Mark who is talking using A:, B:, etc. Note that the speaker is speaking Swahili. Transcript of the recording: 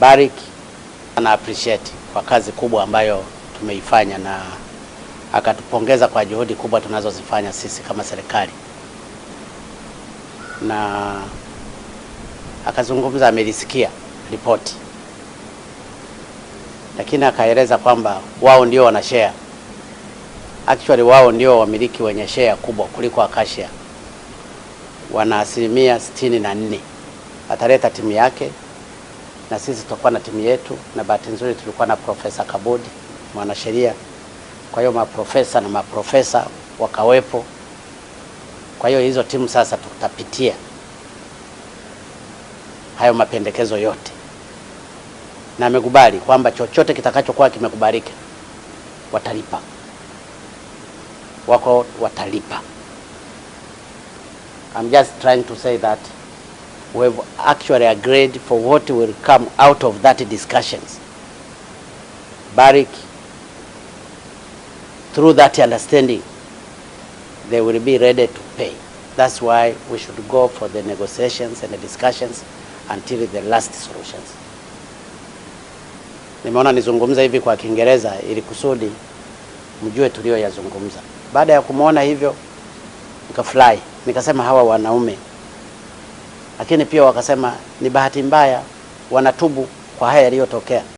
A: Barrick ana appreciate kwa kazi kubwa ambayo tumeifanya na akatupongeza kwa juhudi kubwa tunazozifanya sisi kama serikali, na akazungumza, amelisikia ripoti, lakini akaeleza kwamba wao ndio wana share actually, wao ndio wamiliki wenye share kubwa kuliko Acacia, wana asilimia sitini na nne. Ataleta timu yake na sisi tutakuwa na timu yetu, na bahati nzuri tulikuwa na Profesa kabodi mwanasheria, kwa hiyo maprofesa na maprofesa wakawepo. Kwa hiyo hizo timu sasa tutapitia hayo mapendekezo yote, na amekubali kwamba chochote kitakachokuwa kimekubalika watalipa, wako watalipa. I'm just trying to say that we have actually agreed for what will come out of that discussions. Barik, through that understanding, they will be ready to pay. That's why we should go for the negotiations and the discussions until the last solutions. Nimeona nizungumza hivi kwa Kiingereza ili kusudi mjue tulioyazungumza. Baada ya kumwona hivyo, nikafurahi, nikasema hawa wanaume lakini pia wakasema ni bahati mbaya wanatubu kwa haya yaliyotokea.